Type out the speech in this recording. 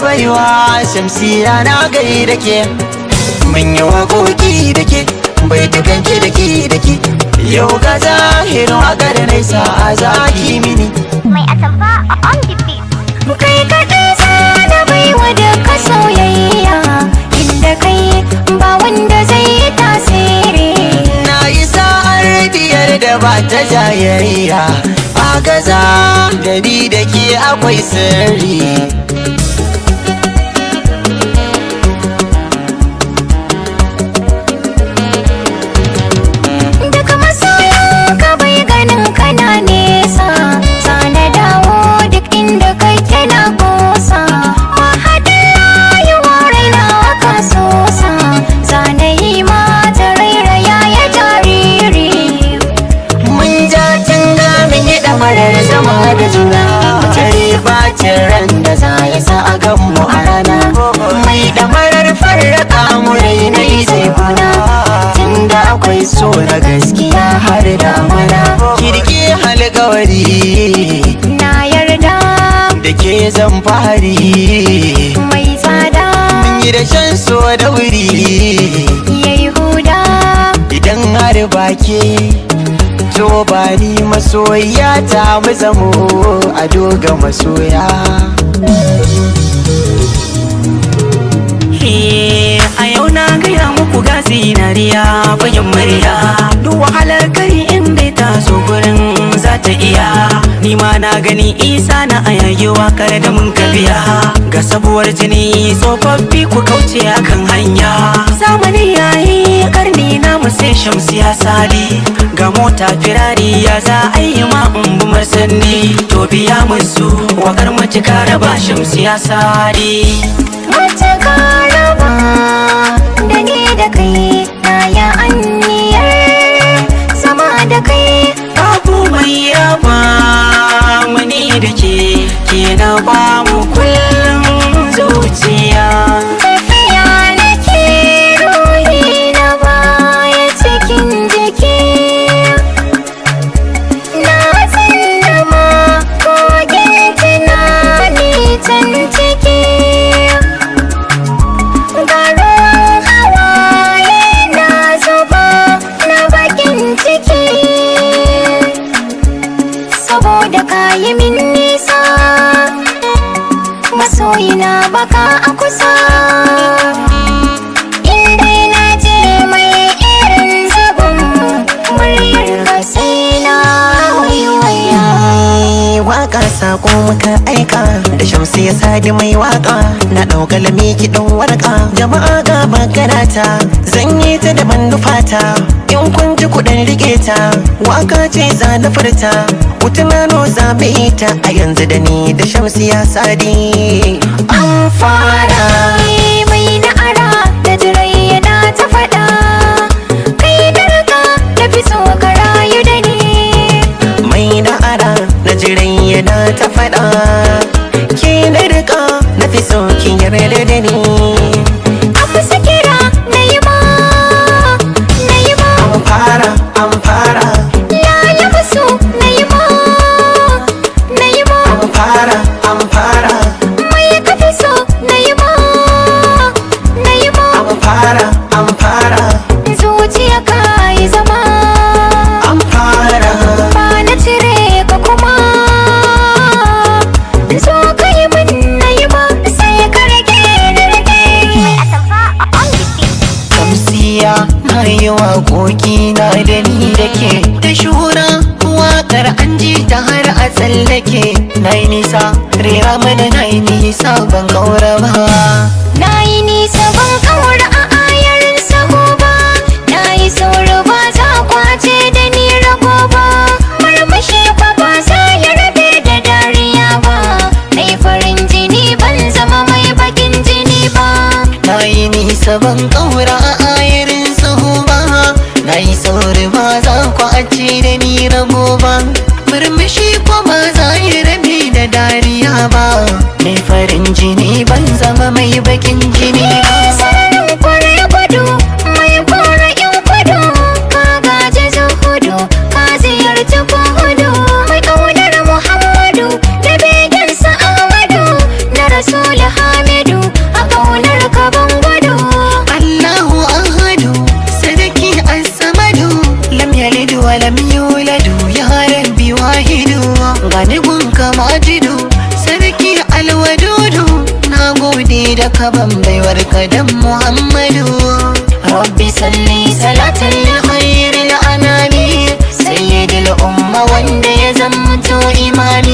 baiwa shamsiya na gai da ke mun yi waƙoƙi da ke bai tukanki da ki da ke yau ga zahirin a da nesa a ta jayayya a gaza da da ke akwai sirri bacin ran da za ya sa a ganmu a rana mai damarar farraka mu rainai zai kuna tunda akwai so na gaskiya har da mana kirki halgawari na yarda da ke zan fahari mai tsada mun yi da shan so da wuri yayi huda idan har ke. to ba ni masoyiya ta mu a doga masoya a yau na gaya muku na zinariya bayan murya duk wahalar kari inda ta zo gurin za ta iya ma na gani isa na ayayewa kare da mun biya. ga sabuwar jini tsofaffi ku kauce akan hanya zamani yayi karni na sai ya sadi ga mota firari ya za a yi ma in bi to biya musu wakar mace kara ba ya sadi mace kara ba da kayi min nisa masoyina baka a kusa muka aika da shamsi ya sadi mai waka na ɗauka lami ki warka jama'a ga magana ta zan yi ta da manufata in kun ji kuɗin rike ta waka ce za na furta ku tunano za mu a yanzu da ni da shamsi ya sadi ta fada ki da rika na fi so ki yarda da ni a kusa kira na yi ba na yi ba an fara an ya yi musu na yi ba na yi ba an fara an fara mai ka fi so na yi ba na yi ba an fara an fara zuciya ka na yi waƙoƙi na da ni da ke ta shura waƙar an ji ta har a tsallake na yi nisa rera mana na yi nisa ban ƙaura ba na yi nisa ban ƙaura a ayarin sago ba na yi sauro ba za kwace da ni rago ba murmushi ba ba za ya rabe da dariya ba na farin jini ban zama mai bakin jini ba na yi nisa ban yi goba ba murmushi kuma za yi rabi da dariya ba mai farin jini ban zama mai bakin jini ba da ka ban baiwar dan muhammadu rabbi salli salatan li khairil anami sayyidil umma wanda ya zamto imani